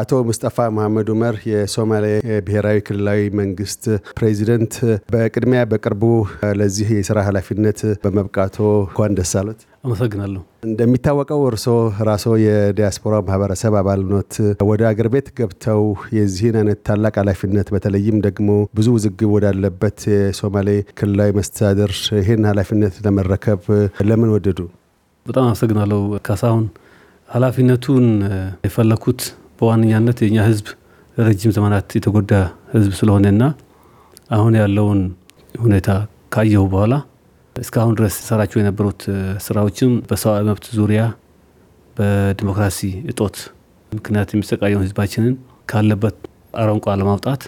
አቶ ሙስጠፋ መሐመድ ኡመር የሶማሌ ብሔራዊ ክልላዊ መንግስት ፕሬዚደንት፣ በቅድሚያ በቅርቡ ለዚህ የስራ ኃላፊነት በመብቃቶ እንኳን ደስ አሉት። አመሰግናለሁ። እንደሚታወቀው እርስዎ ራስዎ የዲያስፖራ ማህበረሰብ አባል ኖት። ወደ አገር ቤት ገብተው የዚህን አይነት ታላቅ ኃላፊነት በተለይም ደግሞ ብዙ ውዝግብ ወዳለበት የሶማሌ ክልላዊ መስተዳደር ይህን ኃላፊነት ለመረከብ ለምን ወደዱ? በጣም አመሰግናለሁ ካሳሁን። ኃላፊነቱን የፈለኩት በዋነኛነት የኛ ህዝብ ረጅም ዘመናት የተጎዳ ህዝብ ስለሆነና አሁን ያለውን ሁኔታ ካየሁ በኋላ እስካሁን ድረስ ሰራቸው የነበሩት ስራዎችም በሰብአዊ መብት ዙሪያ በዲሞክራሲ እጦት ምክንያት የሚሰቃየውን ህዝባችንን ካለበት አረንቋ ለማውጣት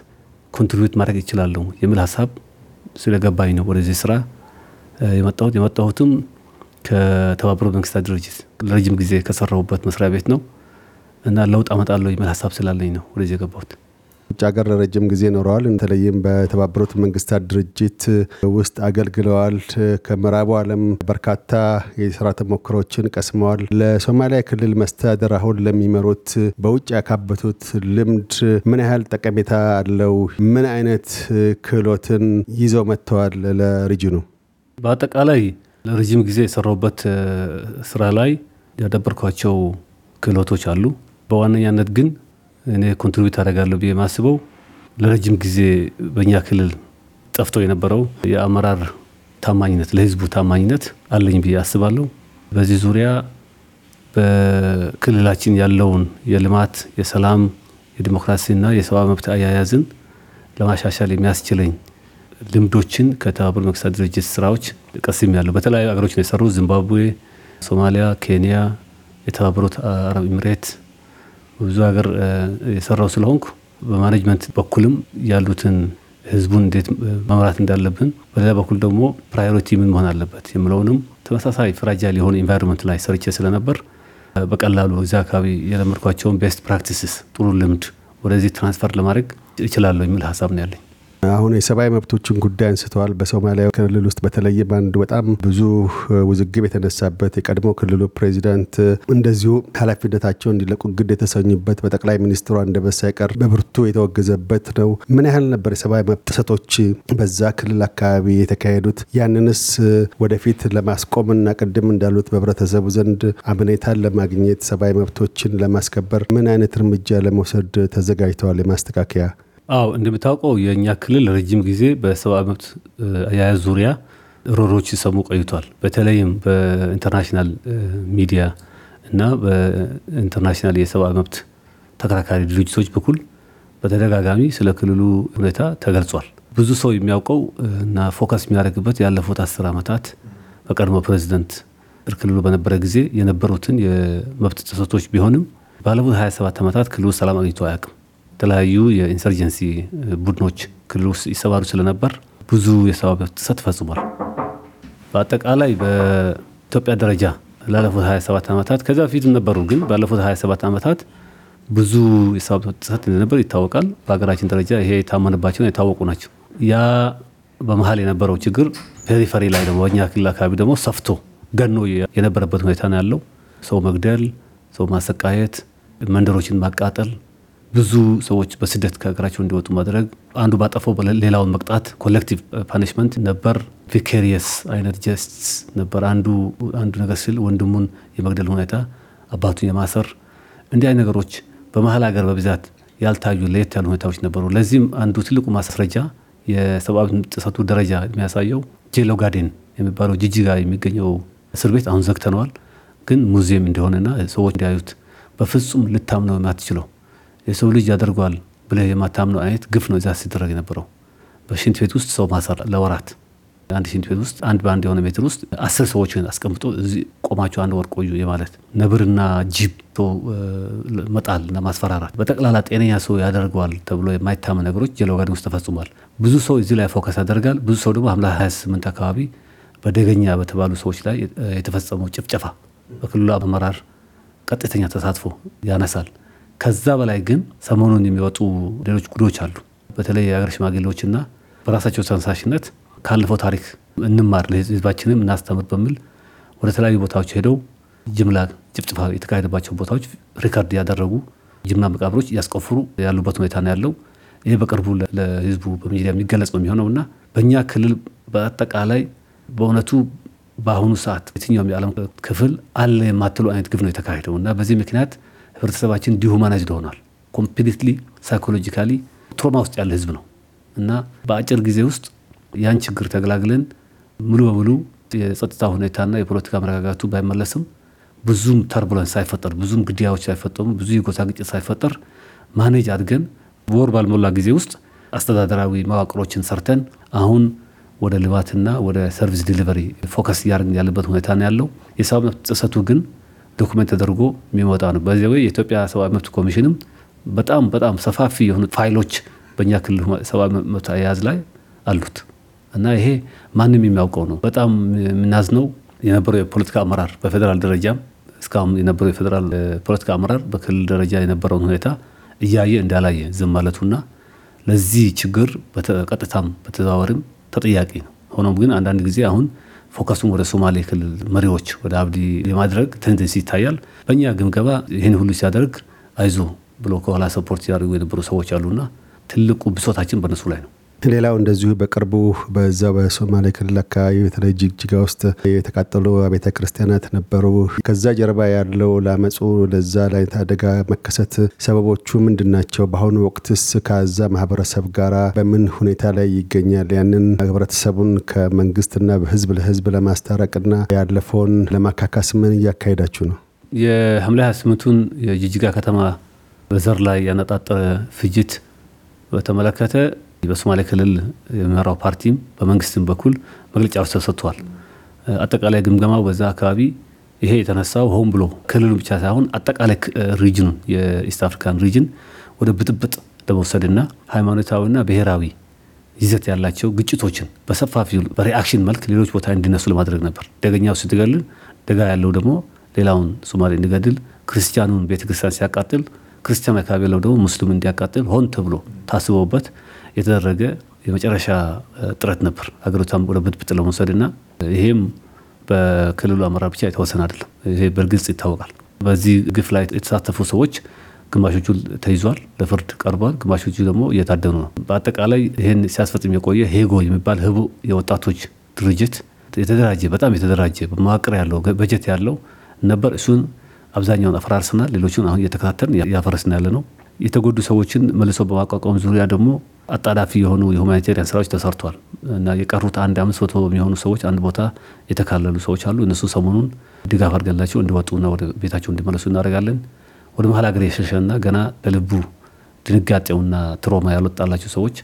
ኮንትሪቢዩት ማድረግ ይችላለሁ የሚል ሀሳብ ስለገባኝ ነው ወደዚህ ስራ የመጣሁት። የመጣሁትም ከተባበሩት መንግስታት ድርጅት ለረጅም ጊዜ ከሰራሁበት መስሪያ ቤት ነው። እና ለውጥ አመጣለሁ የሚል ሀሳብ ስላለኝ ነው ወደዚህ የገባሁት። ውጭ ሀገር ረጅም ጊዜ ኖረዋል። በተለይም በተባበሩት መንግስታት ድርጅት ውስጥ አገልግለዋል። ከምዕራቡ ዓለም በርካታ የስራ ተሞክሮችን ቀስመዋል። ለሶማሊያ ክልል መስተዳደር አሁን ለሚመሩት በውጭ ያካበቱት ልምድ ምን ያህል ጠቀሜታ አለው? ምን አይነት ክህሎትን ይዘው መጥተዋል ለሪጅኑ? በአጠቃላይ ለረዥም ጊዜ የሰራሁበት ስራ ላይ ያዳበርኳቸው ክህሎቶች አሉ በዋነኛነት ግን እኔ ኮንትሪቢዩት አደርጋለሁ ብዬ የማስበው ለረጅም ጊዜ በእኛ ክልል ጠፍቶ የነበረው የአመራር ታማኝነት፣ ለህዝቡ ታማኝነት አለኝ ብዬ አስባለሁ። በዚህ ዙሪያ በክልላችን ያለውን የልማት፣ የሰላም፣ የዲሞክራሲና የሰብአዊ መብት አያያዝን ለማሻሻል የሚያስችለኝ ልምዶችን ከተባበሩ መንግስታት ድርጅት ስራዎች ቀስም ያለው በተለያዩ ሀገሮች ነው የሰሩ፣ ዚምባብዌ፣ ሶማሊያ፣ ኬንያ፣ የተባበሩት አረብ ኤምሬት ብዙ ሀገር የሰራው ስለሆንኩ በማኔጅመንት በኩልም ያሉትን ህዝቡን እንዴት መምራት እንዳለብን፣ በሌላ በኩል ደግሞ ፕራዮሪቲ ምን መሆን አለበት የምለውንም ተመሳሳይ ፍራጃል የሆነ ኢንቫይሮንመንት ላይ ሰርቼ ስለነበር በቀላሉ እዚ አካባቢ የለመድኳቸውን ቤስት ፕራክቲስስ ጥሩ ልምድ ወደዚህ ትራንስፈር ለማድረግ እችላለሁ የሚል ሀሳብ ነው ያለኝ። አሁን የሰብአዊ መብቶችን ጉዳይ አንስተዋል። በሶማሊያ ክልል ውስጥ በተለይም አንድ በጣም ብዙ ውዝግብ የተነሳበት የቀድሞ ክልሉ ፕሬዚዳንት እንደዚሁ ሀላፊነታቸው እንዲለቁ ግድ የተሰኙበት በጠቅላይ ሚኒስትሩ አንደበት ሳይቀር በብርቱ የተወገዘበት ነው። ምን ያህል ነበር የሰብአዊ መብት ጥሰቶች በዛ ክልል አካባቢ የተካሄዱት? ያንንስ ወደፊት ለማስቆምና ቅድም እንዳሉት በህብረተሰቡ ዘንድ አምኔታን ለማግኘት ሰብአዊ መብቶችን ለማስከበር ምን አይነት እርምጃ ለመውሰድ ተዘጋጅተዋል? የማስተካከያ አዎ እንደምታውቀው የእኛ ክልል ረጅም ጊዜ በሰብአዊ መብት አያያዝ ዙሪያ ሮሮች ሲሰሙ ቆይቷል። በተለይም በኢንተርናሽናል ሚዲያ እና በኢንተርናሽናል የሰብአዊ መብት ተከራካሪ ድርጅቶች በኩል በተደጋጋሚ ስለ ክልሉ ሁኔታ ተገልጿል። ብዙ ሰው የሚያውቀው እና ፎከስ የሚያደርግበት ያለፉት አስር ዓመታት በቀድሞ ፕሬዚደንት ክልሉ በነበረ ጊዜ የነበሩትን የመብት ጥሰቶች ቢሆንም ባለፉት 27 ዓመታት ክልሉ ሰላም አግኝቶ አያውቅም። የተለያዩ የኢንሰርጀንሲ ቡድኖች ክልል ውስጥ ይሰማሩ ስለነበር ብዙ የሰብአዊ መብት ጥሰት ፈጽሟል። በአጠቃላይ በኢትዮጵያ ደረጃ ላለፉት 27 ዓመታት ከዚ በፊትም ነበሩ፣ ግን ባለፉት 27 ዓመታት ብዙ የሰብአዊ መብት ጥሰት እንደነበር ይታወቃል። በሀገራችን ደረጃ ይሄ የታመንባቸውን የታወቁ ናቸው። ያ በመሀል የነበረው ችግር ፔሪፈሪ ላይ ደግሞ በእኛ ክልል አካባቢ ደግሞ ሰፍቶ ገኖ የነበረበት ሁኔታ ነው ያለው። ሰው መግደል፣ ሰው ማሰቃየት፣ መንደሮችን ማቃጠል ብዙ ሰዎች በስደት ከሀገራቸው እንዲወጡ ማድረግ፣ አንዱ ባጠፈው ሌላውን መቅጣት፣ ኮሌክቲቭ ፓኒሽመንት uh, ነበር። ቪኬሪየስ አይነት ጀስት ነበር። አንዱ አንዱ ነገር ሲል ወንድሙን የመግደል ሁኔታ፣ አባቱን የማሰር እንዲህ አይነት ነገሮች በመሀል ሀገር በብዛት ያልታዩ ለየት ያሉ ሁኔታዎች ነበሩ። ለዚህም አንዱ ትልቁ ማስረጃ የሰብአዊ ጥሰቱ ደረጃ የሚያሳየው ጄሎ ጋዴን የሚባለው ጅጅጋ የሚገኘው እስር ቤት አሁን ዘግተነዋል፣ ግን ሙዚየም እንደሆነና ሰዎች እንዲያዩት በፍጹም ልታምነው የማትችለው የሰው ልጅ ያደርገዋል ብለ የማታምነው አይነት ግፍ ነው እዛ ሲደረግ የነበረው። በሽንት ቤት ውስጥ ሰው ማሰር ለወራት አንድ ሽንት ቤት ውስጥ አንድ በአንድ የሆነ ሜትር ውስጥ አስር ሰዎች አስቀምጦ እዚህ ቆማቸው አንድ ወር ቆዩ የማለት ነብርና ጅብ መጣል እና ማስፈራራት በጠቅላላ ጤነኛ ሰው ያደርገዋል ተብሎ የማይታመን ነገሮች ጀለጋድን ውስጥ ተፈጽሟል። ብዙ ሰው እዚህ ላይ ፎከስ ያደርጋል። ብዙ ሰው ደግሞ ሐምሌ 28 አካባቢ በደገኛ በተባሉ ሰዎች ላይ የተፈጸመው ጭፍጨፋ በክልሉ አመራር ቀጥተኛ ተሳትፎ ያነሳል። ከዛ በላይ ግን ሰሞኑን የሚወጡ ሌሎች ጉዶች አሉ። በተለይ የሀገር ሽማግሌዎችና በራሳቸው ተነሳሽነት ካለፈው ታሪክ እንማር ህዝባችንም እናስተምር በሚል ወደ ተለያዩ ቦታዎች ሄደው ጅምላ ጭፍጭፋ የተካሄደባቸው ቦታዎች ሪከርድ ያደረጉ ጅምላ መቃብሮች እያስቆፍሩ ያሉበት ሁኔታ ነው ያለው። ይህ በቅርቡ ለህዝቡ በሚዲያ የሚገለጽ ነው የሚሆነው እና በእኛ ክልል በአጠቃላይ በእውነቱ በአሁኑ ሰዓት የትኛውም የዓለም ክፍል አለ የማትሉ አይነት ግብ ነው የተካሄደው እና በዚህ ምክንያት ህብረተሰባችን ዲሁማናይዝድ ሆኗል። ኮምፕሊትሊ ሳይኮሎጂካሊ ትሮማ ውስጥ ያለ ህዝብ ነው እና በአጭር ጊዜ ውስጥ ያን ችግር ተገላግለን ሙሉ በሙሉ የጸጥታ ሁኔታና የፖለቲካ መረጋጋቱ ባይመለስም ብዙም ተርቡላንስ ሳይፈጠር ብዙም ግድያዎች ሳይፈጠሙ ብዙ የጎሳ ግጭት ሳይፈጠር ማኔጅ አድገን ወር ባልሞላ ጊዜ ውስጥ አስተዳደራዊ መዋቅሮችን ሰርተን አሁን ወደ ልማትና ወደ ሰርቪስ ዲሊቨሪ ፎከስ እያደረግን ያለበት ሁኔታ ነው ያለው። የሰብአዊ መብት ጥሰቱ ግን ዶክመንት ተደርጎ የሚመጣ ነው። በዚ የኢትዮጵያ ሰብአዊ መብት ኮሚሽንም በጣም በጣም ሰፋፊ የሆኑ ፋይሎች በእኛ ክልል ሰብአዊ መብት አያያዝ ላይ አሉት እና ይሄ ማንም የሚያውቀው ነው። በጣም የምናዝነው የነበረው የፖለቲካ አመራር በፌዴራል ደረጃም እስካሁን የነበረው የፌዴራል ፖለቲካ አመራር በክልል ደረጃ የነበረውን ሁኔታ እያየ እንዳላየ ዝም ማለቱና ለዚህ ችግር በቀጥታም በተዘዋወሪም ተጠያቂ ነው። ሆኖም ግን አንዳንድ ጊዜ አሁን ፎከሱም ወደ ሶማሌ ክልል መሪዎች ወደ አብዲ የማድረግ ቴንደንሲ ይታያል። በእኛ ግምገባ ይህን ሁሉ ሲያደርግ አይዞ ብሎ ከኋላ ሰፖርት ያደርጉ የነበሩ ሰዎች አሉና ትልቁ ብሶታችን በነሱ ላይ ነው። ሌላው እንደዚሁ በቅርቡ በዛ በሶማሌ ክልል አካባቢ በተለይ ጅግጅጋ ውስጥ የተቃጠሉ አቤተ ክርስቲያናት ነበሩ። ከዛ ጀርባ ያለው ለአመፁ ለዛ ላይነት አደጋ መከሰት ሰበቦቹ ምንድን ናቸው? በአሁኑ ወቅትስ ከዛ ማህበረሰብ ጋር በምን ሁኔታ ላይ ይገኛል? ያንን ህብረተሰቡን ከመንግስትና ህዝብ ለህዝብ ለማስታረቅና ያለፈውን ለማካካስ ምን እያካሄዳችሁ ነው? የሐምሌ 28 የጅጅጋ ከተማ በዘር ላይ ያነጣጠረ ፍጅት በተመለከተ በሶማሌ ክልል የሚመራው ፓርቲም በመንግስትም በኩል ውስጥ ተሰጥቷል። አጠቃላይ ግምገማው በዛ አካባቢ ይሄ የተነሳው ሆን ብሎ ክልሉ ብቻ ሳይሆን አጠቃላይ ሪጅኑን የኢስት አፍሪካን ሪጅን ወደ ብጥብጥ ለመውሰድና ሃይማኖታዊና ብሔራዊ ይዘት ያላቸው ግጭቶችን በሰፋፊ በሪአክሽን መልክ ሌሎች ቦታ እንዲነሱ ለማድረግ ነበር። ደገኛው ስትገልል ደጋ ያለው ደግሞ ሌላውን ሶማሌ እንዲገድል፣ ክርስቲያኑን ቤተክርስቲያን ሲያቃጥል ክርስቲያን አካባቢ ያለው ደግሞ ሙስሊም እንዲያቃጥል ሆን ተብሎ ታስቦበት የተደረገ የመጨረሻ ጥረት ነበር ሀገሪቷን ወደ ብጥብጥ ለመውሰድ እና ይሄም በክልሉ አመራር ብቻ የተወሰነ አይደለም። ይሄ በግልጽ ይታወቃል። በዚህ ግፍ ላይ የተሳተፉ ሰዎች ግማሾቹ ተይዟል፣ ለፍርድ ቀርቧል። ግማሾቹ ደግሞ እየታደኑ ነው። በአጠቃላይ ይህን ሲያስፈጽም የቆየ ሄጎ የሚባል ህቡ የወጣቶች ድርጅት የተደራጀ በጣም የተደራጀ መዋቅር ያለው በጀት ያለው ነበር። እሱን አብዛኛውን አፈራርስናል። ሌሎችን አሁን እየተከታተልን ያፈረስን ያለ ነው። የተጎዱ ሰዎችን መልሶ በማቋቋም ዙሪያ ደግሞ አጣዳፊ የሆኑ የሁማኒቴሪያን ስራዎች ተሰርቷል እና የቀሩት አንድ አምስት መቶ የሚሆኑ ሰዎች አንድ ቦታ የተካለሉ ሰዎች አሉ። እነሱ ሰሞኑን ድጋፍ አድርገንላቸው እንዲወጡና ወደ ቤታቸው እንዲመለሱ እናደርጋለን። ወደ መሀል ሀገር የሸሸና ገና ለልቡ ድንጋጤውና ትሮማ ያልወጣላቸው ሰዎች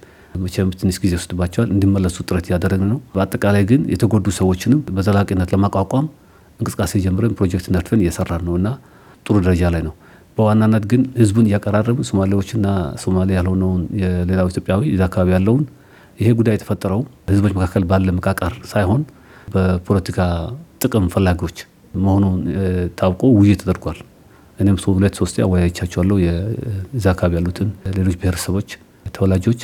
መቼም ትንሽ ጊዜ ወስድባቸዋል እንዲመለሱ ጥረት እያደረግን ነው። በአጠቃላይ ግን የተጎዱ ሰዎችንም በዘላቂነት ለማቋቋም እንቅስቃሴ ጀምረን ፕሮጀክት ነድፈን እየሰራን ነው እና ጥሩ ደረጃ ላይ ነው። በዋናነት ግን ህዝቡን እያቀራረቡ ሶማሌዎችና ሶማሌ ያልሆነውን የሌላው ኢትዮጵያዊ እዛ አካባቢ ያለውን ይሄ ጉዳይ የተፈጠረው ህዝቦች መካከል ባለ መቃቃር ሳይሆን በፖለቲካ ጥቅም ፈላጊዎች መሆኑን ታውቆ ውይይት ተደርጓል። እኔም ሁለት ሶስት አወያይቻቸዋለሁ። የዛ አካባቢ ያሉትን ሌሎች ብሔረሰቦች ተወላጆች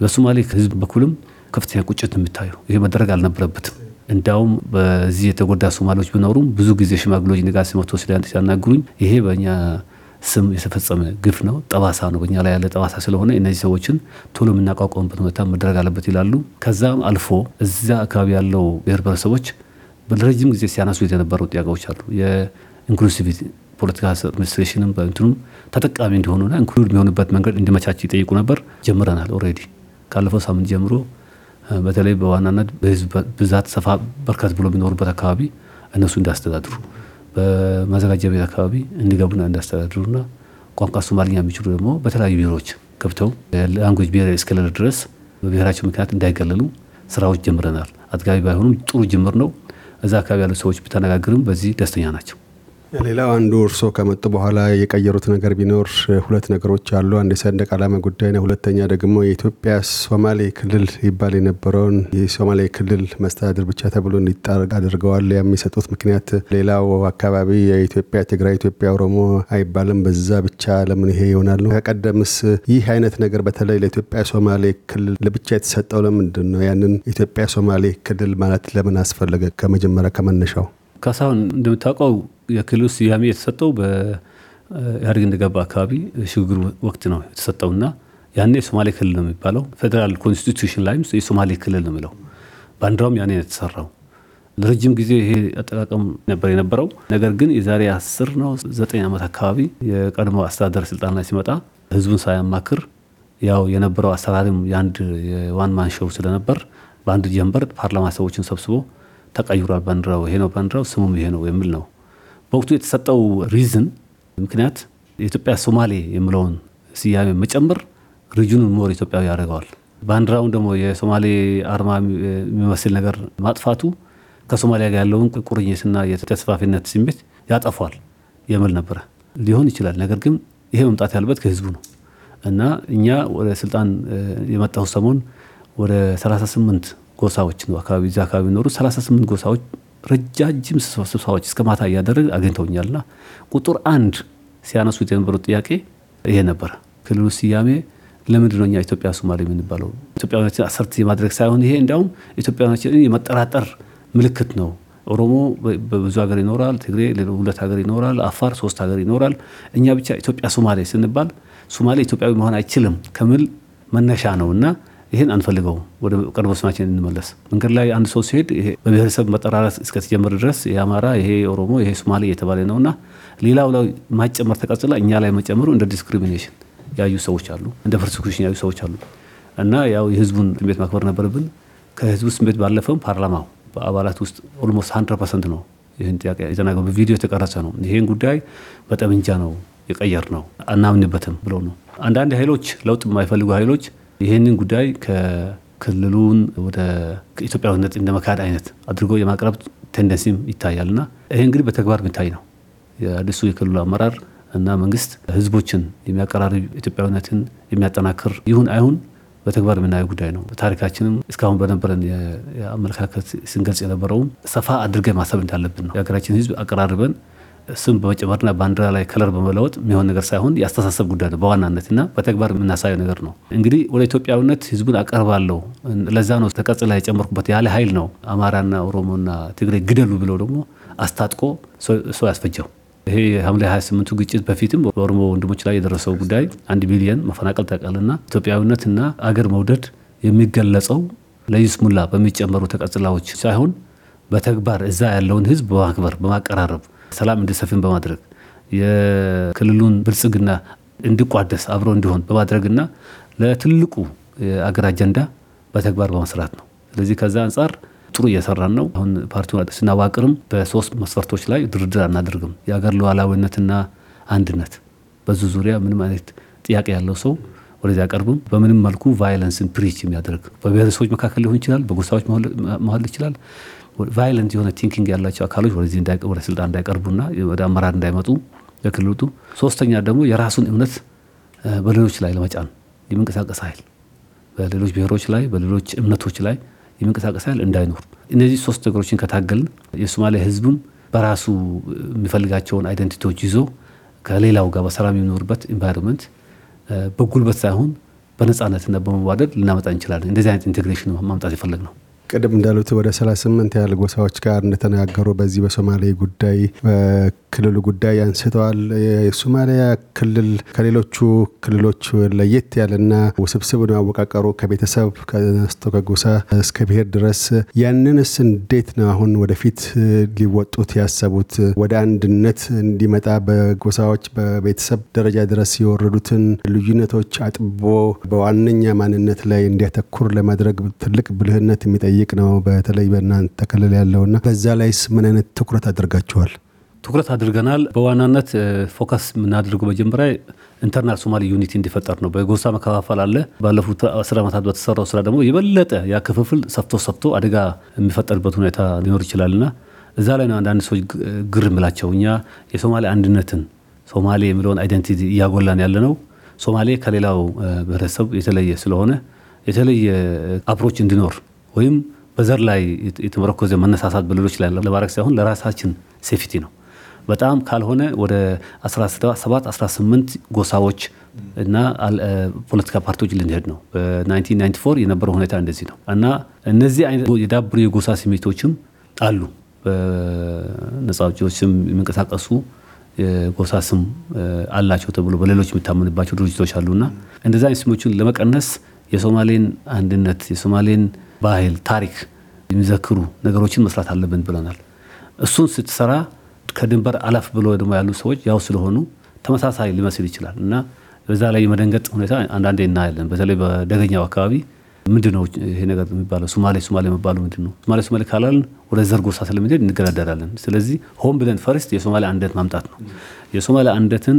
በሶማሌ ህዝብ በኩልም ከፍተኛ ቁጭት የሚታዩ ይሄ መደረግ አልነበረበትም። እንዲያውም በዚህ የተጎዳ ሶማሌዎች ቢኖሩም ብዙ ጊዜ ሽማግሌዎች ንጋት ሲመቶ ሲያናግሩኝ ይሄ በእኛ ስም የተፈጸመ ግፍ ነው፣ ጠባሳ ነው። በኛ ላይ ያለ ጠባሳ ስለሆነ እነዚህ ሰዎችን ቶሎ የምናቋቋምበት ሁኔታ መደረግ አለበት ይላሉ። ከዛም አልፎ እዛ አካባቢ ያለው ብሔር ብሔረሰቦች በረጅም ጊዜ ሲያነሱ የነበሩ ጥያቄዎች አሉ። የኢንክሉሲቪቲ ፖለቲካ አድሚኒስትሬሽንም በእንትኑም ተጠቃሚ እንዲሆኑና ኢንክሉድ የሚሆንበት መንገድ እንዲመቻች ይጠይቁ ነበር። ጀምረናል። ኦልሬዲ ካለፈው ሳምንት ጀምሮ በተለይ በዋናነት በህዝብ ብዛት ሰፋ በርከት ብሎ የሚኖሩበት አካባቢ እነሱ እንዳስተዳድሩ በማዘጋጃ ቤት አካባቢ እንዲገቡና እንዲያስተዳድሩና ቋንቋ ሶማልኛ የሚችሉ ደግሞ በተለያዩ ቢሮዎች ገብተው ላንጉጅ ብሔራዊ እስከለለ ድረስ በብሔራቸው ምክንያት እንዳይገለሉ ስራዎች ጀምረናል። አጥጋቢ ባይሆኑም ጥሩ ጅምር ነው። እዛ አካባቢ ያሉ ሰዎች ብተነጋግርም በዚህ ደስተኛ ናቸው። ሌላው አንዱ እርሶ ከመጡ በኋላ የቀየሩት ነገር ቢኖር ሁለት ነገሮች አሉ። አንድ የሰንደቅ ዓላማ ጉዳይ ነው። ሁለተኛ ደግሞ የኢትዮጵያ ሶማሌ ክልል ይባል የነበረውን የሶማሌ ክልል መስተዳድር ብቻ ተብሎ እንዲጣር አድርገዋል። የሚሰጡት ምክንያት ሌላው አካባቢ የኢትዮጵያ ትግራይ፣ ኢትዮጵያ ኦሮሞ አይባልም፣ በዛ ብቻ ለምን ይሄ ይሆናል ነው። ከቀደምስ ይህ አይነት ነገር በተለይ ለኢትዮጵያ ሶማሌ ክልል ለብቻ የተሰጠው ለምንድን ነው? ያንን ኢትዮጵያ ሶማሌ ክልል ማለት ለምን አስፈለገ? ከመጀመሪያ ከመነሻው ካሳሁን እንደምታውቀው የክልሉ ስያሜ የተሰጠው በኢህአዴግ እንደገባ አካባቢ ሽግግር ወቅት ነው የተሰጠውና ያኔ የሶማሌ ክልል ነው የሚባለው። ፌዴራል ኮንስቲቱሽን ላይም የሶማሌ ክልል ነው የሚለው ባንዲራውም ያኔ ነው የተሰራው። ለረጅም ጊዜ ይሄ አጠቃቀም ነበር የነበረው። ነገር ግን የዛሬ አስር ነው ዘጠኝ ዓመት አካባቢ የቀድሞ አስተዳደር ስልጣን ላይ ሲመጣ ህዝቡን ሳያማክር ያው የነበረው አሰራሪም የአንድ የዋን ማን ሾው ስለነበር በአንድ ጀንበር ፓርላማ ሰዎችን ሰብስቦ ተቀይሯል። ባንዲራው ይሄ ነው ባንዲራው ስሙም ይሄ ነው የሚል ነው። በወቅቱ የተሰጠው ሪዝን ምክንያት የኢትዮጵያ ሶማሌ የምለውን ስያሜ መጨመር ሪጅኑን ሞር ኢትዮጵያዊ ያደርገዋል። ባንዲራውን ደግሞ የሶማሌ አርማ የሚመስል ነገር ማጥፋቱ ከሶማሊያ ጋር ያለውን ቁርኝትና የተስፋፊነት ስሜት ያጠፏል የምል ነበረ። ሊሆን ይችላል። ነገር ግን ይሄ መምጣት ያለበት ከህዝቡ ነው እና እኛ ወደ ስልጣን የመጣው ሰሞን ወደ 38 ጎሳዎች ነው አካባቢ እዚ አካባቢ የሚኖሩ 38 ጎሳዎች ረጃጅም ስብሰባዎች እስከ ማታ እያደረግ አግኝተውኛልና ቁጥር አንድ ሲያነሱት የነበሩት ጥያቄ ይሄ ነበረ። ክልሉ ስያሜ ለምንድን ነው እኛ ኢትዮጵያ ሶማሌ የምንባለው? ኢትዮጵያኖችን አሰርት የማድረግ ሳይሆን ይሄ እንዲያውም ኢትዮጵያኖችን የመጠራጠር ምልክት ነው። ኦሮሞ በብዙ ሀገር ይኖራል፣ ትግሬ ሁለት ሀገር ይኖራል፣ አፋር ሶስት ሀገር ይኖራል። እኛ ብቻ ኢትዮጵያ ሶማሌ ስንባል ሶማሌ ኢትዮጵያዊ መሆን አይችልም ከሚል መነሻ ነው እና ይህን አንፈልገው። ወደ ቀድሞ ስማችን እንመለስ። መንገድ ላይ አንድ ሰው ሲሄድ በብሔረሰብ መጠራራት እስከተጀመረ ድረስ የአማራ ይሄ ኦሮሞ ይሄ ሶማሌ እየተባለ ነው እና ሌላው ላይ ማጨመር ተቀጽላ እኛ ላይ መጨመሩ እንደ ዲስክሪሚኔሽን ያዩ ሰዎች አሉ፣ እንደ ፐርሴኩሽን ያዩ ሰዎች አሉ። እና ያው የህዝቡን ስሜት ማክበር ነበረብን። ከህዝቡ ስሜት ባለፈም ፓርላማው በአባላት ውስጥ ኦልሞስት 100 ፐርሰንት ነው ይህን ጥያቄ የተናገሩ በቪዲዮ የተቀረጸ ነው። ይህን ጉዳይ በጠመንጃ ነው የቀየር ነው አናምንበትም ብለው ነው አንዳንድ ኃይሎች ለውጥ የማይፈልጉ ኃይሎች ይህንን ጉዳይ ከክልሉን ወደ ኢትዮጵያዊነት እንደመካድ አይነት አድርጎ የማቅረብ ቴንደንሲም ና ይህ እንግዲህ በተግባር የሚታይ ነው። የአዲሱ የክልሉ አመራር እና መንግስት ህዝቦችን የሚያቀራርብ ኢትዮጵያዊነትን የሚያጠናክር ይሁን አይሁን በተግባር የምናየው ጉዳይ ነው። ታሪካችንም እስካሁን በነበረን የአመለካከት ስንገልጽ የነበረውም ሰፋ አድርገን ማሰብ እንዳለብን ነው። የሀገራችን ህዝብ አቀራርበን ስም በመጨመርና ባንዲራ ላይ ከለር በመለወጥ የሚሆን ነገር ሳይሆን የአስተሳሰብ ጉዳይ ነው በዋናነት እና በተግባር የምናሳየው ነገር ነው። እንግዲህ ወደ ኢትዮጵያዊነት ህዝቡን አቀርባለሁ። ለዛ ነው ተቀጽላ የጨመርኩበት ያለ ኃይል ነው። አማራና ኦሮሞና ትግሬ ግደሉ ብለው ደግሞ አስታጥቆ ሰው ያስፈጀው ይሄ ሐምሌ 28ቱ ግጭት በፊትም በኦሮሞ ወንድሞች ላይ የደረሰው ጉዳይ አንድ ቢሊየን መፈናቀል ታውቃልና ኢትዮጵያዊነትና አገር መውደድ የሚገለጸው ለይስሙላ በሚጨመሩ ተቀጽላዎች ሳይሆን በተግባር እዛ ያለውን ህዝብ በማክበር በማቀራረብ ሰላም እንዲሰፍን በማድረግ የክልሉን ብልጽግና እንዲቋደስ አብሮ እንዲሆን በማድረግና ለትልቁ የአገር አጀንዳ በተግባር በመስራት ነው። ስለዚህ ከዛ አንጻር ጥሩ እየሰራን ነው። አሁን ፓርቲውን ስናዋቅርም በሶስት መስፈርቶች ላይ ድርድር አናደርግም። የአገር ሉዓላዊነትና አንድነት፣ በዙ ዙሪያ ምንም አይነት ጥያቄ ያለው ሰው ወደዚህ ቀርብም በምንም መልኩ ቫይለንስን ፕሪች የሚያደርግ በብሔረሰቦች መካከል ሊሆን ይችላል፣ በጎሳዎች መሆን ይችላል ቫይለንት የሆነ ቲንኪንግ ያላቸው አካሎች ወደዚህ ወደ ስልጣን እንዳይቀርቡና ወደ አመራር እንዳይመጡ ለክልሉጡ ሶስተኛ ደግሞ የራሱን እምነት በሌሎች ላይ ለመጫን የመንቀሳቀስ ኃይል በሌሎች ብሔሮች ላይ በሌሎች እምነቶች ላይ የመንቀሳቀስ ኃይል እንዳይኖር እነዚህ ሶስት ነገሮችን ከታገልን የሶማሌ ህዝቡም በራሱ የሚፈልጋቸውን አይደንቲቲዎች ይዞ ከሌላው ጋር በሰላም የሚኖርበት ኢንቫይሮንመንት በጉልበት ሳይሆን በነፃነትና በመዋደድ ልናመጣ እንችላለን። እንደዚህ አይነት ኢንቴግሬሽን ማምጣት የፈለግ ነው። ቅድም እንዳሉት ወደ 38 ያህል ጎሳዎች ጋር እንደተነጋገሩ በዚህ በሶማሌ ጉዳይ ክልሉ ጉዳይ አንስተዋል። የሶማሊያ ክልል ከሌሎቹ ክልሎች ለየት ያለና ውስብስብ ነው አወቃቀሩ፣ ከቤተሰብ ከስቶ ከጎሳ እስከ ብሔር ድረስ። ያንንስ እንዴት ነው አሁን ወደፊት ሊወጡት ያሰቡት? ወደ አንድነት እንዲመጣ በጎሳዎች በቤተሰብ ደረጃ ድረስ የወረዱትን ልዩነቶች አጥቦ በዋነኛ ማንነት ላይ እንዲያተኩር ለማድረግ ትልቅ ብልህነት የሚጠይቅ ልጠይቅ ነው። በተለይ በእናንተ ክልል ያለውና በዛ ላይስ ምን አይነት ትኩረት አድርጋችኋል? ትኩረት አድርገናል። በዋናነት ፎከስ የምናደርገው መጀመሪያ ኢንተርናል ሶማሊ ዩኒቲ እንዲፈጠር ነው። በጎሳ መከፋፈል አለ። ባለፉት አስር ዓመታት በተሰራው ስራ ደግሞ የበለጠ ያ ክፍፍል ሰፍቶ ሰፍቶ አደጋ የሚፈጠርበት ሁኔታ ሊኖር ይችላልና እዛ ላይ ነው አንዳንድ ሰዎች ግር ምላቸው። እኛ የሶማሌ አንድነትን ሶማሌ የሚለውን አይደንቲቲ እያጎላን ያለ ነው። ሶማሌ ከሌላው ብሔረሰብ የተለየ ስለሆነ የተለየ አፕሮች እንዲኖር ወይም በዘር ላይ የተመረኮዘ መነሳሳት በሌሎች ላይ ለማድረግ ሳይሆን ለራሳችን ሴፍቲ ነው። በጣም ካልሆነ ወደ 17 18 ጎሳዎች እና ፖለቲካ ፓርቲዎች ልንሄድ ነው። በ1994 የነበረው ሁኔታ እንደዚህ ነው እና እነዚህ አይነት የዳብሩ የጎሳ ስሜቶችም አሉ። በነጻ አውጪዎች ስም የሚንቀሳቀሱ የጎሳ ስም አላቸው ተብሎ በሌሎች የሚታመንባቸው ድርጅቶች አሉና እንደዚ አይነት ስሞችን ለመቀነስ የሶማሌን አንድነት የሶማሌን ባህል፣ ታሪክ የሚዘክሩ ነገሮችን መስራት አለብን ብለናል። እሱን ስትሰራ ከድንበር አለፍ ብሎ ደግሞ ያሉ ሰዎች ያው ስለሆኑ ተመሳሳይ ሊመስል ይችላል እና በዛ ላይ የመደንገጥ ሁኔታ አንዳንዴ እናያለን። በተለይ በደገኛው አካባቢ ምንድን ነው ይሄ ነገር የሚባለው ሱማሌ ሱማሌ የሚባለው ምንድን ነው? ሱማሌ ካላልን ወደ ዘር ጎሳ ስለምንሄድ እንገዳደራለን። ስለዚህ ሆን ብለን ፈርስት የሶማሌ አንድነት ማምጣት ነው። የሶማሌ አንድነትን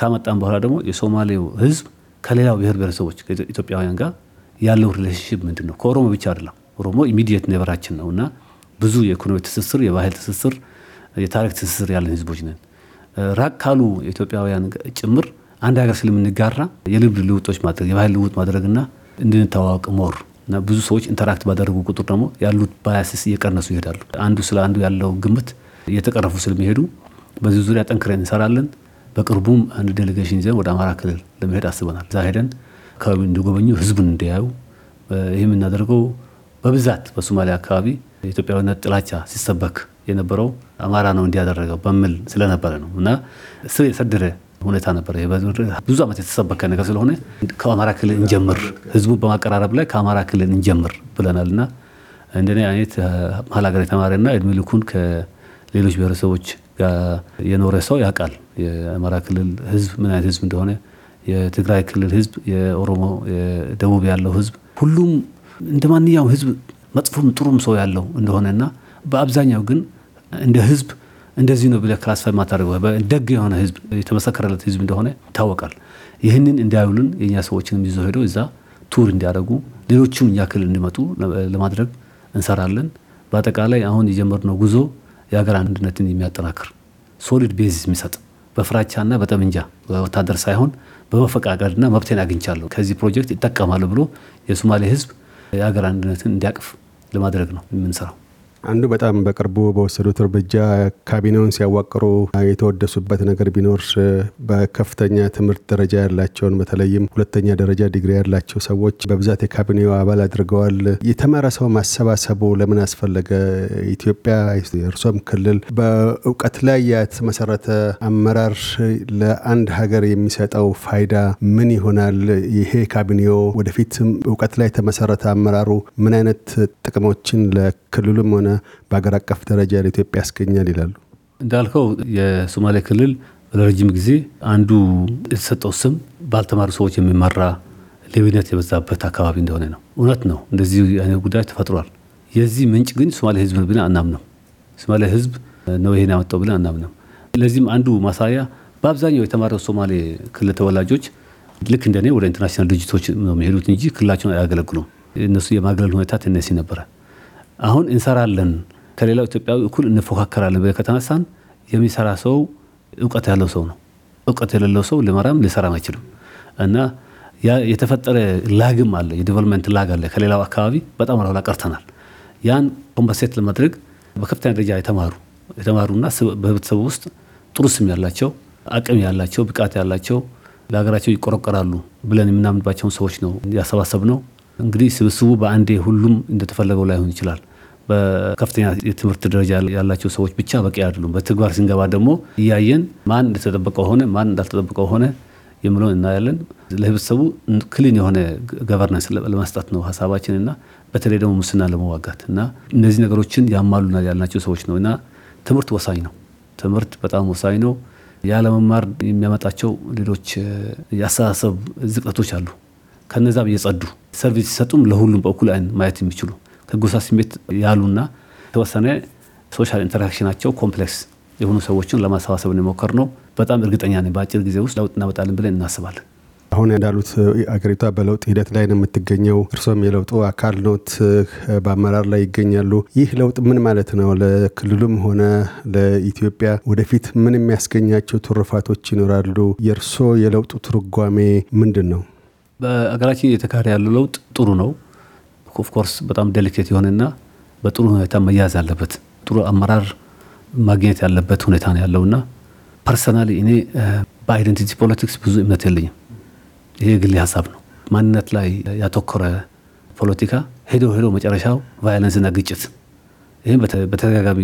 ካመጣን በኋላ ደግሞ የሶማሌው ህዝብ ከሌላው ብሔር ብሔረሰቦች ከኢትዮጵያውያን ጋር ያለው ሪሌሽንሽፕ ምንድን ነው? ከኦሮሞ ብቻ አይደለም። ኦሮሞ ኢሚዲየት ኔበራችን ነው እና ብዙ የኢኮኖሚ ትስስር፣ የባህል ትስስር፣ የታሪክ ትስስር ያለን ህዝቦች ነን። ራቅ ካሉ ኢትዮጵያውያን ጭምር አንድ ሀገር ስለምንጋራ የልምድ ልውጦች ማድረግ የባህል ልውጥ ማድረግና እንድንተዋወቅ ሞር እና ብዙ ሰዎች ኢንተራክት ባደረጉ ቁጥር ደግሞ ያሉት ባያስስ እየቀነሱ ይሄዳሉ። አንዱ ስለ አንዱ ያለው ግምት እየተቀረፉ ስለሚሄዱ በዚህ ዙሪያ ጠንክረን እንሰራለን። በቅርቡም አንድ ዴሌጌሽን ይዘን ወደ አማራ ክልል ለመሄድ አስበናል። እዛ ሄደን አካባቢ እንዲጎበኙ ህዝቡን እንዲያዩ ይህ የምናደርገው በብዛት በሶማሊያ አካባቢ ኢትዮጵያዊነት ጥላቻ ሲሰበክ የነበረው አማራ ነው እንዲያደረገው በሚል ስለነበረ ነው እና ስር የሰደረ ሁኔታ ነበረ። ብዙ ዓመት የተሰበከ ነገር ስለሆነ ከአማራ ክልል እንጀምር፣ ህዝቡ በማቀራረብ ላይ ከአማራ ክልል እንጀምር ብለናል እና እንደኔ አይነት መሀል ሀገር የተማረና እድሜ ልኩን ከሌሎች ብሔረሰቦች ጋር የኖረ ሰው ያውቃል የአማራ ክልል ህዝብ ምን አይነት ህዝብ እንደሆነ የትግራይ ክልል ህዝብ፣ የኦሮሞ ደቡብ ያለው ህዝብ ሁሉም እንደ ማንኛውም ህዝብ መጥፎም ጥሩም ሰው ያለው እንደሆነና በአብዛኛው ግን እንደ ህዝብ እንደዚህ ነው ብለህ ክላስፋይ ማታደርገው ደግ የሆነ ህዝብ የተመሰከረለት ህዝብ እንደሆነ ይታወቃል። ይህንን እንዲያዩልን የእኛ ሰዎችንም ይዘው ሄደው እዛ ቱር እንዲያደርጉ ሌሎችም እኛ ክልል እንዲመጡ ለማድረግ እንሰራለን። በአጠቃላይ አሁን የጀመርነው ጉዞ የሀገር አንድነትን የሚያጠናክር ሶሊድ ቤዝ የሚሰጥ በፍራቻና በጠመንጃ በወታደር ሳይሆን በመፈቃቀድና መብቴን አግኝቻለሁ ከዚህ ፕሮጀክት ይጠቀማል ብሎ የሶማሌ ህዝብ የሀገር አንድነትን እንዲያቅፍ ለማድረግ ነው የምንሰራው። አንዱ በጣም በቅርቡ በወሰዱት እርምጃ ካቢኔውን ሲያዋቅሩ የተወደሱበት ነገር ቢኖር በከፍተኛ ትምህርት ደረጃ ያላቸውን በተለይም ሁለተኛ ደረጃ ዲግሪ ያላቸው ሰዎች በብዛት የካቢኔው አባል አድርገዋል። የተማረ ሰው ማሰባሰቡ ለምን አስፈለገ? ኢትዮጵያ እርሶም ክልል በእውቀት ላይ የተመሰረተ አመራር ለአንድ ሀገር የሚሰጠው ፋይዳ ምን ይሆናል? ይሄ ካቢኔው ወደፊት እውቀት ላይ የተመሰረተ አመራሩ ምን አይነት ጥቅሞችን ለክልሉም ሆነ በሀገር አቀፍ ደረጃ ለኢትዮጵያ ያስገኛል ይላሉ? እንዳልከው የሶማሌ ክልል ለረጅም ጊዜ አንዱ የተሰጠው ስም ባልተማሩ ሰዎች የሚመራ ሌብነት የበዛበት አካባቢ እንደሆነ ነው። እውነት ነው፣ እንደዚህ አይነት ጉዳይ ተፈጥሯል። የዚህ ምንጭ ግን ሶማሌ ህዝብ ብለን አናምነው። ሶማሌ ህዝብ ነው ይሄን ያመጣው ብለን አናምነው። ለዚህም አንዱ ማሳያ በአብዛኛው የተማረው ሶማሌ ክልል ተወላጆች ልክ እንደኔ ወደ ኢንተርናሽናል ድርጅቶች ነው የሚሄዱት እንጂ ክልላቸውን አያገለግሉም። እነሱ የማግለል ሁኔታ ትነሲ ነበረ። አሁን እንሰራለን፣ ከሌላው ኢትዮጵያዊ እኩል እንፎካከራለን ብለን ከተነሳን የሚሰራ ሰው እውቀት ያለው ሰው ነው። እውቀት የሌለው ሰው ሊመራም ሊሰራም አይችልም። እና የተፈጠረ ላግም አለ፣ የዲቨሎፕመንት ላግ አለ። ከሌላው አካባቢ በጣም ወደኋላ ቀርተናል። ያን ኮምፐሴት ለማድረግ በከፍተኛ ደረጃ የተማሩ የተማሩና በህብረተሰቡ ውስጥ ጥሩ ስም ያላቸው አቅም ያላቸው ብቃት ያላቸው ለሀገራቸው ይቆረቆራሉ ብለን የምናምንባቸውን ሰዎች ነው ያሰባሰብ ነው። እንግዲህ ስብስቡ በአንዴ ሁሉም እንደተፈለገው ላይሆን ይችላል። በከፍተኛ የትምህርት ደረጃ ያላቸው ሰዎች ብቻ በቂ አይደሉም። በተግባር ሲንገባ ደግሞ እያየን ማን እንደተጠበቀው ሆነ፣ ማን እንዳልተጠበቀ ሆነ የምለውን እናያለን። ለህብረተሰቡ ክሊን የሆነ ገቨርናንስ ለመስጠት ነው ሀሳባችን እና በተለይ ደግሞ ሙስና ለመዋጋት እና እነዚህ ነገሮችን ያማሉናል ያልናቸው ሰዎች ነው እና ትምህርት ወሳኝ ነው። ትምህርት በጣም ወሳኝ ነው። ያለመማር የሚያመጣቸው ሌሎች የአስተሳሰብ ዝቅጠቶች አሉ። ከነዛ እየጸዱ ሰርቪስ ሲሰጡም ለሁሉም በእኩል አይን ማየት የሚችሉ ከጎሳ ስሜት ያሉና የተወሰነ ሶሻል ኢንተራክሽናቸው ኮምፕሌክስ የሆኑ ሰዎችን ለማሰባሰብ የሞከር ነው። በጣም እርግጠኛ ነኝ በአጭር ጊዜ ውስጥ ለውጥ እናመጣለን ብለን እናስባለን። አሁን እንዳሉት አገሪቷ በለውጥ ሂደት ላይ ነው የምትገኘው። እርሶም የለውጡ አካል ኖት፣ በአመራር ላይ ይገኛሉ። ይህ ለውጥ ምን ማለት ነው? ለክልሉም ሆነ ለኢትዮጵያ ወደፊት ምን የሚያስገኛቸው ትሩፋቶች ይኖራሉ? የእርሶ የለውጡ ትርጓሜ ምንድን ነው? በሀገራችን እየተካሄደ ያለው ለውጥ ጥሩ ነው። ኦፍኮርስ በጣም ዴሊኬት የሆነና በጥሩ ሁኔታ መያዝ አለበት። ጥሩ አመራር ማግኘት ያለበት ሁኔታ ነው ያለውና ፐርሰናሊ እኔ በአይደንቲቲ ፖለቲክስ ብዙ እምነት የለኝም። ይሄ ግሌ ሀሳብ ነው። ማንነት ላይ ያተኮረ ፖለቲካ ሄዶ ሄዶ መጨረሻው ቫዮለንስና ግጭት፣ ይህም በተደጋጋሚ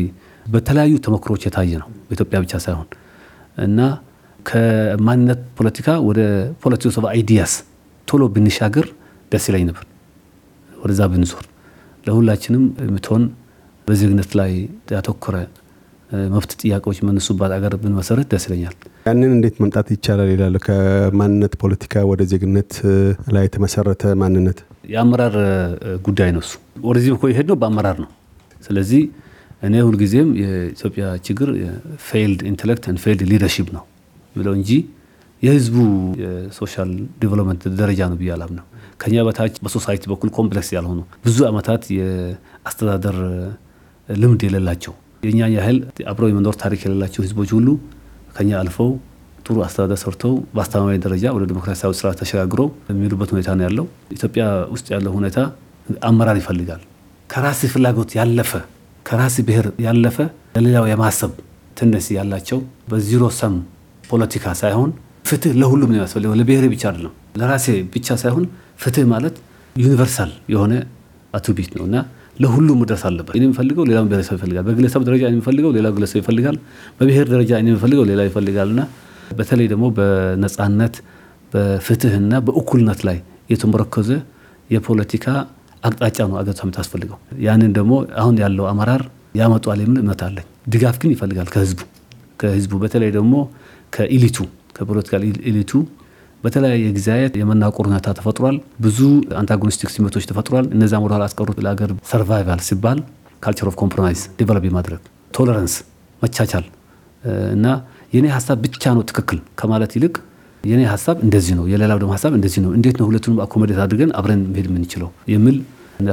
በተለያዩ ተሞክሮች የታየ ነው በኢትዮጵያ ብቻ ሳይሆን እና ከማንነት ፖለቲካ ወደ ፖለቲክስ ኦፍ አይዲያስ ቶሎ ብንሻገር ደስ ይለኝ ነበር፣ ወደዛ ብንዞር ለሁላችንም የምትሆን በዜግነት ላይ ያተኮረ መብት ጥያቄዎች መነሱባት አገር ብንመሰረት ደስ ይለኛል። ያንን እንዴት መምጣት ይቻላል ይላሉ። ከማንነት ፖለቲካ ወደ ዜግነት ላይ የተመሰረተ ማንነት የአመራር ጉዳይ ነው። እሱ ወደዚህ እኮ የሄድነው በአመራር ነው። ስለዚህ እኔ ሁልጊዜም የኢትዮጵያ ችግር ፌይልድ ኢንቴሌክት ፌይልድ ሊደርሺፕ ነው ብለው እንጂ የህዝቡ የሶሻል ዲቨሎፕመንት ደረጃ ነው ብዬ አላምነው። ከኛ በታች በሶሳይቲ በኩል ኮምፕሌክስ ያልሆኑ ብዙ ዓመታት የአስተዳደር ልምድ የሌላቸው የእኛ ያህል አብረው የመኖር ታሪክ የሌላቸው ህዝቦች ሁሉ ከኛ አልፈው ጥሩ አስተዳደር ሰርተው በአስተማማኝ ደረጃ ወደ ዲሞክራሲያዊ ስርዓት ተሸጋግረው የሚሉበት ሁኔታ ነው ያለው። ኢትዮጵያ ውስጥ ያለው ሁኔታ አመራር ይፈልጋል። ከራስ ፍላጎት ያለፈ ከራስ ብሔር ያለፈ ለሌላው የማሰብ ቴንደንሲ ያላቸው በዚሮ ሰም ፖለቲካ ሳይሆን ፍትህ ለሁሉም ነው የሚያስፈልገው። ለብሔሬ ብቻ አይደለም፣ ለራሴ ብቻ ሳይሆን ፍትህ ማለት ዩኒቨርሳል የሆነ አቱቢት ነው እና ለሁሉም መድረስ አለበት። እኔ የምፈልገው ሌላ ብሔረሰብ ይፈልጋል። በግለሰብ ደረጃ የሚፈልገው የምፈልገው ሌላ ግለሰብ ይፈልጋል። በብሔር ደረጃ እኔ የምፈልገው ሌላ ይፈልጋል እና በተለይ ደግሞ በነፃነት በፍትህና በእኩልነት ላይ የተመረከዘ የፖለቲካ አቅጣጫ ነው አገሪቷ የምታስፈልገው። ያንን ደግሞ አሁን ያለው አመራር ያመጧል የሚል እምነት አለኝ። ድጋፍ ግን ይፈልጋል ከህዝቡ ከህዝቡ በተለይ ደግሞ ከኢሊቱ ፖለቲካል ኤሊቱ በተለያየ ጊዜያት የመናቆር ሁኔታ ተፈጥሯል። ብዙ አንታጎኒስቲክ ስሜቶች ተፈጥሯል። እነዚያም ወደኋላ አስቀሩት። ለሀገር ሰርቫይቫል ሲባል ካልቸር ኦፍ ኮምፕሮማይዝ ዴቨሎፕ የማድረግ ቶለረንስ፣ መቻቻል እና የኔ ሀሳብ ብቻ ነው ትክክል ከማለት ይልቅ የኔ ሀሳብ እንደዚህ ነው፣ የሌላው ደግሞ ሀሳብ እንደዚህ ነው፣ እንዴት ነው ሁለቱንም አኮሞዴት አድርገን አብረን መሄድ የምንችለው የሚል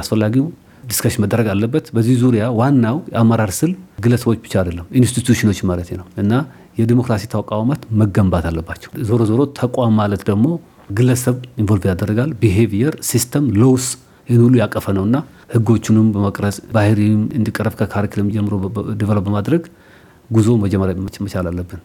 አስፈላጊው ዲስከሽን መደረግ አለበት። በዚህ ዙሪያ ዋናው የአመራር ስል ግለሰቦች ብቻ አይደለም ኢንስቲቱሽኖች ማለት ነው እና የዲሞክራሲ ተቋማት መገንባት አለባቸው። ዞሮ ዞሮ ተቋም ማለት ደግሞ ግለሰብ ኢንቮልቭ ያደርጋል። ቢሄቪየር፣ ሲስተም፣ ሎውስ ይህን ሁሉ ያቀፈ ነው እና ህጎቹንም በመቅረጽ ባህሪም እንዲቀረፍ ከካሪክለም ጀምሮ ዲቨሎፕ በማድረግ ጉዞ መጀመሪያ መቻል አለብን።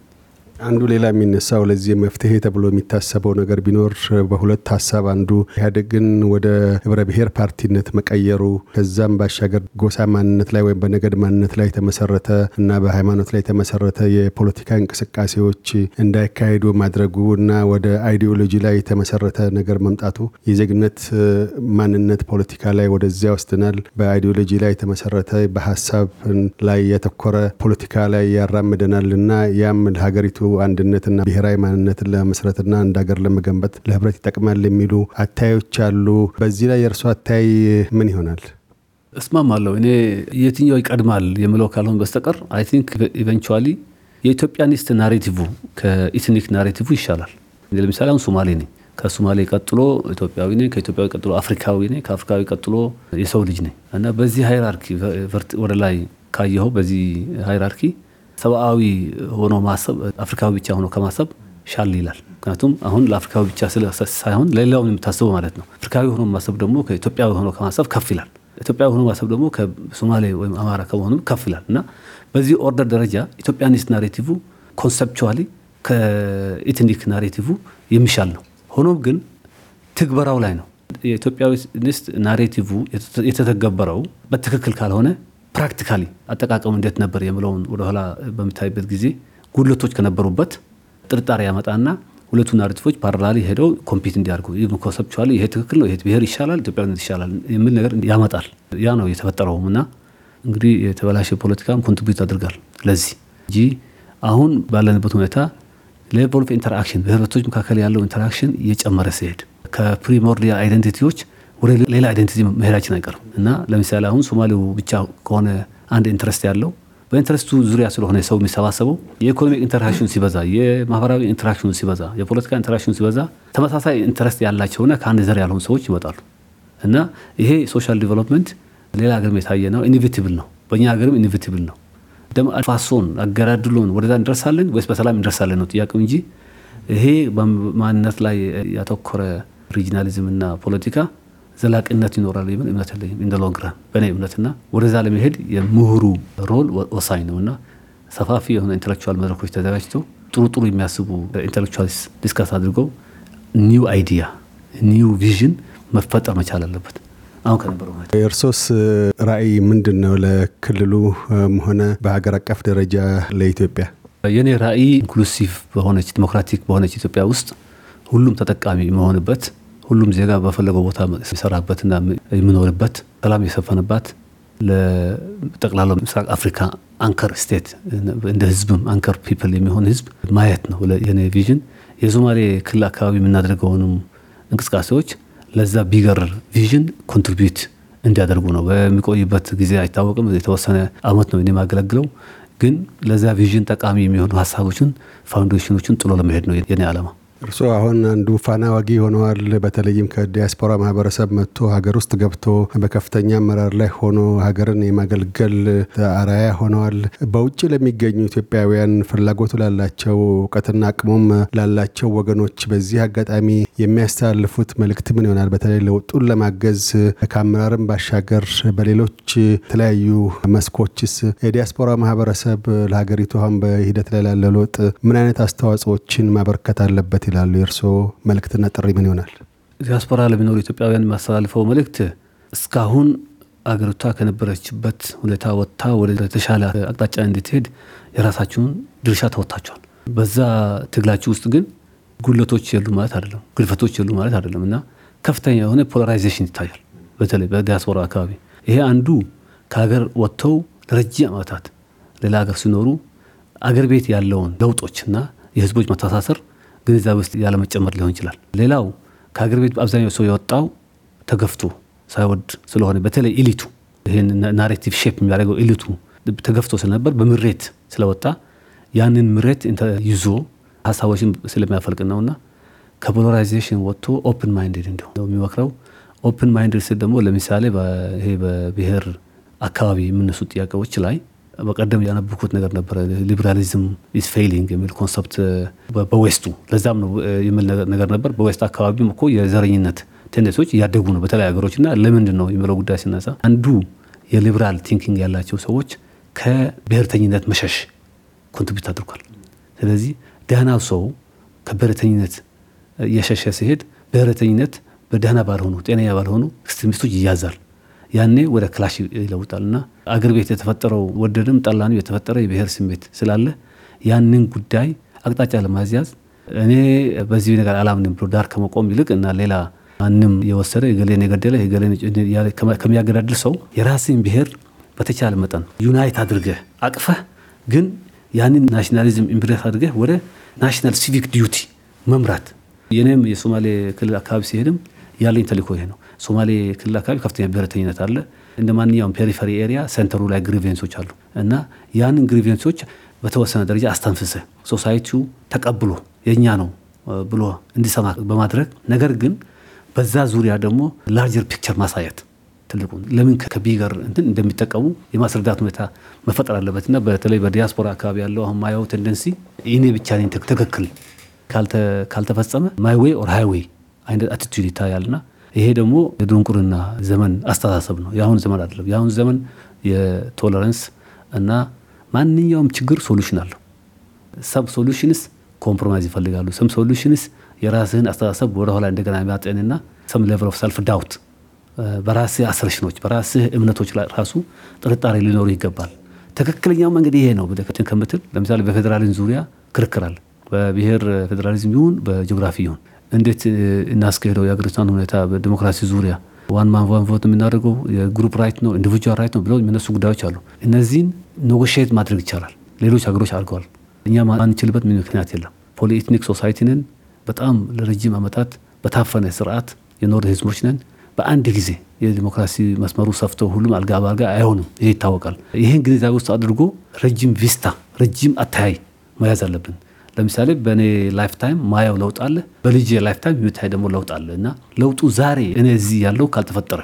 አንዱ ሌላ የሚነሳው ለዚህ መፍትሄ ተብሎ የሚታሰበው ነገር ቢኖር በሁለት ሀሳብ አንዱ ኢህአዴግን ወደ ህብረ ብሔር ፓርቲነት መቀየሩ ከዛም ባሻገር ጎሳ ማንነት ላይ ወይም በነገድ ማንነት ላይ የተመሰረተ እና በሃይማኖት ላይ የተመሰረተ የፖለቲካ እንቅስቃሴዎች እንዳይካሄዱ ማድረጉ እና ወደ አይዲዮሎጂ ላይ የተመሰረተ ነገር መምጣቱ የዜግነት ማንነት ፖለቲካ ላይ ወደዚያ ወስድናል። በአይዲዮሎጂ ላይ የተመሰረተ በሀሳብ ላይ ያተኮረ ፖለቲካ ላይ ያራምደናል እና ያም ለሀገሪቱ አንድነትና ብሔራዊ ማንነትን ለመስረትና እንደ ሀገር ለመገንባት ለህብረት ይጠቅማል የሚሉ አታዮች አሉ። በዚህ ላይ የእርሶ አታይ ምን ይሆናል? እስማማለሁ። እኔ የትኛው ይቀድማል የምለው ካልሆን በስተቀር አይ ቲንክ ኢቨንቹዋሊ የኢትዮጵያኒስት ናሬቲቭ ከኢትኒክ ናሬቲቭ ይሻላል። ለምሳሌ አሁን ሶማሌ ነኝ፣ ከሶማሌ ቀጥሎ ኢትዮጵያዊ ነኝ፣ ከኢትዮጵያዊ ቀጥሎ አፍሪካዊ ነኝ፣ ከአፍሪካዊ ቀጥሎ የሰው ልጅ ነኝ እና በዚህ ሃይራርኪ ወደ ላይ ካየኸው በዚህ ሃይራርኪ ሰብአዊ ሆኖ ማሰብ አፍሪካዊ ብቻ ሆኖ ከማሰብ ሻል ይላል። ምክንያቱም አሁን ለአፍሪካዊ ብቻ ሳይሆን ለሌላውም የምታስቡ ማለት ነው። አፍሪካዊ ሆኖ ማሰብ ደግሞ ከኢትዮጵያዊ ሆኖ ከማሰብ ከፍ ይላል። ኢትዮጵያዊ ሆኖ ማሰብ ደግሞ ከሶማሌ ወይም አማራ ከመሆኑም ከፍ ይላል እና በዚህ ኦርደር ደረጃ ኢትዮጵያኒስት ናሬቲቭ ኮንሰፕቹዋሊ ከኢትኒክ ናሬቲቭ የሚሻል ነው። ሆኖም ግን ትግበራው ላይ ነው የኢትዮጵያዊስት ናሬቲቭ የተተገበረው በትክክል ካልሆነ ፕራክቲካሊ አጠቃቀሙ እንዴት ነበር የምለውን ወደኋላ በምታይበት ጊዜ ጉድለቶች ከነበሩበት ጥርጣሬ ያመጣና ሁለቱን ናሬቲቮች ፓራላሊ ሄደው ኮምፒት እንዲያርጉ ኮንሰፕቹዋሊ ይሄ ትክክል ነው፣ ይሄ ብሄር ይሻላል፣ ኢትዮጵያዊነት ይሻላል የሚል ነገር ያመጣል። ያ ነው የተፈጠረውም እና እንግዲህ የተበላሸ ፖለቲካም ኮንትሪቢዩት አድርጋል ለዚህ እንጂ አሁን ባለንበት ሁኔታ ሌቨል ኦፍ ኢንተራክሽን በህብረቶች መካከል ያለው ኢንተራክሽን እየጨመረ ሲሄድ ከፕሪሞርዲያል አይደንቲቲዎች ወደ ሌላ አይደንቲቲ መሄዳችን አይቀርም እና ለምሳሌ አሁን ሶማሌው ብቻ ከሆነ አንድ ኢንትረስት ያለው በኢንትረስቱ ዙሪያ ስለሆነ ሰው የሚሰባሰበው የኢኮኖሚክ ኢንተራክሽን ሲበዛ፣ የማህበራዊ ኢንተራክሽን ሲበዛ፣ የፖለቲካ ኢንተራክሽን ሲበዛ ተመሳሳይ ኢንትረስት ያላቸውና ከአንድ ዘር ያልሆኑ ሰዎች ይመጣሉ እና ይሄ ሶሻል ዲቨሎፕመንት ሌላ ሀገርም የታየ ነው። ኢኒቪቲብል ነው። በእኛ ሀገርም ኢኒቪቲብል ነው። ደም አገዳድሎን ወደዛ እንደርሳለን ወይስ በሰላም እንደርሳለን ነው ጥያቄው እንጂ ይሄ በማንነት ላይ ያተኮረ እና ፖለቲካ ዘላቂነት ይኖራል የሚል እምነት የለኝም። ኢን ዘ ሎንግ ራን በእኔ እምነትና ወደዛ ለመሄድ የምሁሩ ሮል ወሳኝ ነው እና ሰፋፊ የሆነ ኢንቴሌክቹዋል መድረኮች ተዘጋጅተው ጥሩ ጥሩ የሚያስቡ ኢንቴሌክቹዋልስ ዲስከስ አድርገው ኒው አይዲያ ኒው ቪዥን መፈጠር መቻል አለበት። አሁን ከነበረው ማለት የእርሶስ ራዕይ ምንድን ነው? ለክልሉ ሆነ በሀገር አቀፍ ደረጃ ለኢትዮጵያ የእኔ ራዕይ ኢንክሉሲቭ በሆነች ዲሞክራቲክ በሆነች ኢትዮጵያ ውስጥ ሁሉም ተጠቃሚ መሆንበት ሁሉም ዜጋ በፈለገው ቦታ የሚሰራበትና የሚኖርበት ሰላም የሰፈነባት ለጠቅላላ ምስራቅ አፍሪካ አንከር ስቴት እንደ ህዝብም አንከር ፒፕል የሚሆን ህዝብ ማየት ነው የኔ ቪዥን። የሶማሌ ክልል አካባቢ የምናደርገውንም እንቅስቃሴዎች ለዛ ቢገር ቪዥን ኮንትሪቢዩት እንዲያደርጉ ነው። በሚቆይበት ጊዜ አይታወቅም። የተወሰነ አመት ነው የማገለግለው፣ ግን ለዛ ቪዥን ጠቃሚ የሚሆኑ ሀሳቦችን ፋውንዴሽኖችን ጥሎ ለመሄድ ነው የኔ ዓላማ። እርስዎ አሁን አንዱ ፋና ወጊ ሆነዋል። በተለይም ከዲያስፖራ ማህበረሰብ መጥቶ ሀገር ውስጥ ገብቶ በከፍተኛ አመራር ላይ ሆኖ ሀገርን የማገልገል አራያ ሆነዋል። በውጭ ለሚገኙ ኢትዮጵያውያን ፍላጎቱ ላላቸው እውቀትና አቅሙም ላላቸው ወገኖች በዚህ አጋጣሚ የሚያስተላልፉት መልእክት ምን ይሆናል? በተለይ ለውጡን ለማገዝ ከአመራርም ባሻገር በሌሎች የተለያዩ መስኮችስ የዲያስፖራ ማህበረሰብ ለሀገሪቱ አሁን በሂደት ላይ ላለ ለውጥ ምን አይነት አስተዋጽኦችን ማበርከት አለበት? ይላሉ። የእርስዎ መልእክትና ጥሪ ምን ይሆናል? ዲያስፖራ ለሚኖሩ ኢትዮጵያውያን የማስተላልፈው መልእክት እስካሁን አገሪቷ ከነበረችበት ሁኔታ ወጥታ ወደ ተሻለ አቅጣጫ እንድትሄድ የራሳችሁን ድርሻ ተወጥታችኋል። በዛ ትግላችሁ ውስጥ ግን ጉለቶች የሉ ማለት አይደለም፣ ግድፈቶች የሉ ማለት አይደለም እና ከፍተኛ የሆነ ፖላራይዜሽን ይታያል፣ በተለይ በዲያስፖራ አካባቢ። ይሄ አንዱ ከሀገር ወጥተው ለረጅም ዓመታት ሌላ ሀገር ሲኖሩ አገር ቤት ያለውን ለውጦችና የህዝቦች መተሳሰር ግንዛቤ ውስጥ ያለመጨመር ሊሆን ይችላል። ሌላው ከሀገር ቤት አብዛኛው ሰው የወጣው ተገፍቶ ሳይወድ ስለሆነ በተለይ ኢሊቱ ይህን ናሬቲቭ ሼፕ የሚያደርገው ኢሊቱ ተገፍቶ ስለነበር በምሬት ስለወጣ ያንን ምሬት ይዞ ሀሳቦችን ስለሚያፈልቅ ነውና ከፖላራይዜሽን ወጥቶ ኦፕን ማይንድድ እንዲሆን የሚመክረው። ኦፕን ማይንድድ ስል ደግሞ ለምሳሌ ይሄ በብሔር አካባቢ የሚነሱ ጥያቄዎች ላይ በቀደም ያነብኩት ነገር ነበረ። ሊበራሊዝም ኢዝ ፌይሊንግ የሚል ኮንሰፕት uh, በዌስቱ ለዛም ነው uh, የሚል ነገር ነበር። በዌስት አካባቢም እኮ የዘረኝነት ቴንደንሲዎች እያደጉ ነው በተለያዩ ሀገሮች እና ለምንድን ነው የሚለው ጉዳይ ሲነሳ አንዱ የሊበራል ቲንኪንግ ያላቸው ሰዎች ከብሔርተኝነት መሸሽ ኮንትሪቢዩት አድርጓል። ስለዚህ ደህና ሰው ከብሔርተኝነት uh, እየሸሸ ሲሄድ ብሔርተኝነት በደህና ባልሆኑ ጤነኛ ባልሆኑ ኤክስትሪሚስቶች ይያዛል። ያኔ ወደ ክላሽ ይለውጣል እና አገር ቤት የተፈጠረው ወደድም ጠላንም የተፈጠረ የብሔር ስሜት ስላለ ያንን ጉዳይ አቅጣጫ ለማዝያዝ እኔ በዚህ ነገር አላምንም ብሎ ዳር ከመቆም ይልቅ እና ሌላ ማንም የወሰደ የገሌን የገደለ የገሌን ከሚያገዳድል ሰው የራስን ብሔር በተቻለ መጠን ዩናይት አድርገህ አቅፈህ ግን ያንን ናሽናሊዝም ኢምፕሬስ አድርገህ ወደ ናሽናል ሲቪክ ዲዩቲ መምራት የኔም የሶማሌ ክልል አካባቢ ሲሄድም ያለኝ ተልእኮ ይሄ ነው። ሶማሌ ክልል አካባቢ ከፍተኛ ብሔረተኝነት አለ። እንደ ማንኛውም ፔሪፈሪ ኤሪያ ሴንተሩ ላይ ግሪቬንሶች አሉ እና ያንን ግሪቬንሶች በተወሰነ ደረጃ አስተንፍሰ ሶሳይቲው ተቀብሎ የእኛ ነው ብሎ እንዲሰማ በማድረግ ነገር ግን በዛ ዙሪያ ደግሞ ላርጀር ፒክቸር ማሳየት ትልቁ ለምን ከቢገር እንትን እንደሚጠቀሙ የማስረዳት ሁኔታ መፈጠር አለበት እና በተለይ በዲያስፖራ አካባቢ ያለው አሁን ማየው ቴንደንሲ እኔ ብቻ ነኝ ትክክል ካልተፈጸመ ማይ ዌይ ኦር ሃይዌይ አይነት አቲቱድ ይታያልና ይሄ ደግሞ የድንቁርና ዘመን አስተሳሰብ ነው። የአሁን ዘመን አይደለም። የአሁን ዘመን የቶለረንስ እና ማንኛውም ችግር ሶሉሽን አለው። ሰብ ሶሉሽንስ ኮምፕሮማይዝ ይፈልጋሉ። ሰም ሶሉሽንስ የራስህን አስተሳሰብ ወደኋላ እንደገና የሚያጤንና ሰም ሌቨል ኦፍ ሰልፍ ዳውት በራስህ አስረሽኖች በራስህ እምነቶች ራሱ ጥርጣሬ ሊኖሩ ይገባል። ትክክለኛው መንገድ ይሄ ነው ብለህ ከምትል ለምሳሌ በፌዴራሊዝም ዙሪያ ክርክራል በብሔር ፌዴራሊዝም ይሁን በጂኦግራፊ ይሁን እንዴት እናስካሄደው የሀገሪቷን ሁኔታ በዲሞክራሲ ዙሪያ ዋን ማን ዋን ቮት የምናደርገው የግሩፕ ራይት ነው፣ ኢንዲቪጁዋል ራይት ነው ብለው የሚነሱ ጉዳዮች አሉ። እነዚህን ኔጎሽት ማድረግ ይቻላል። ሌሎች ሀገሮች አድርገዋል። እኛ ማንችልበት ምን ምክንያት የለም። ፖሊኤትኒክ ሶሳይቲ ነን። በጣም ለረጅም ዓመታት በታፈነ ስርዓት የኖር ህዝቦች ነን። በአንድ ጊዜ የዲሞክራሲ መስመሩ ሰፍቶ ሁሉም አልጋ በአልጋ አይሆንም። ይሄ ይታወቃል። ይህን ግንዛቤ ውስጥ አድርጎ ረጅም ቪስታ፣ ረጅም አተያይ መያዝ አለብን። ለምሳሌ በእኔ ላይፍ ታይም ማየው ለውጥ አለ፣ በልጅ ላይፍ ታይም የሚታይ ደግሞ ለውጥ አለ እና ለውጡ ዛሬ እኔ እዚህ ያለው ካልተፈጠረ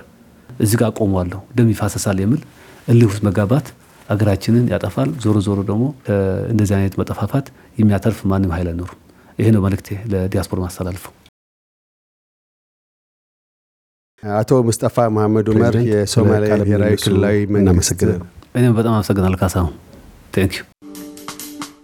እዚ ጋር አቆመዋለሁ ደም ይፋሰሳል የሚል እልህ ውስጥ መጋባት አገራችንን ያጠፋል። ዞሮ ዞሮ ደግሞ እንደዚህ አይነት መጠፋፋት የሚያተርፍ ማንም ኃይል አይኖሩም። ይሄ ነው መልእክቴ ለዲያስፖራ ማስተላልፈው። አቶ ሙስጠፋ መሐመድ ኡመር የሶማሊያ ብሔራዊ ክልላዊ መንግስት። እኔም በጣም አመሰግናለሁ ካሳሁን። ቴንክ ዩ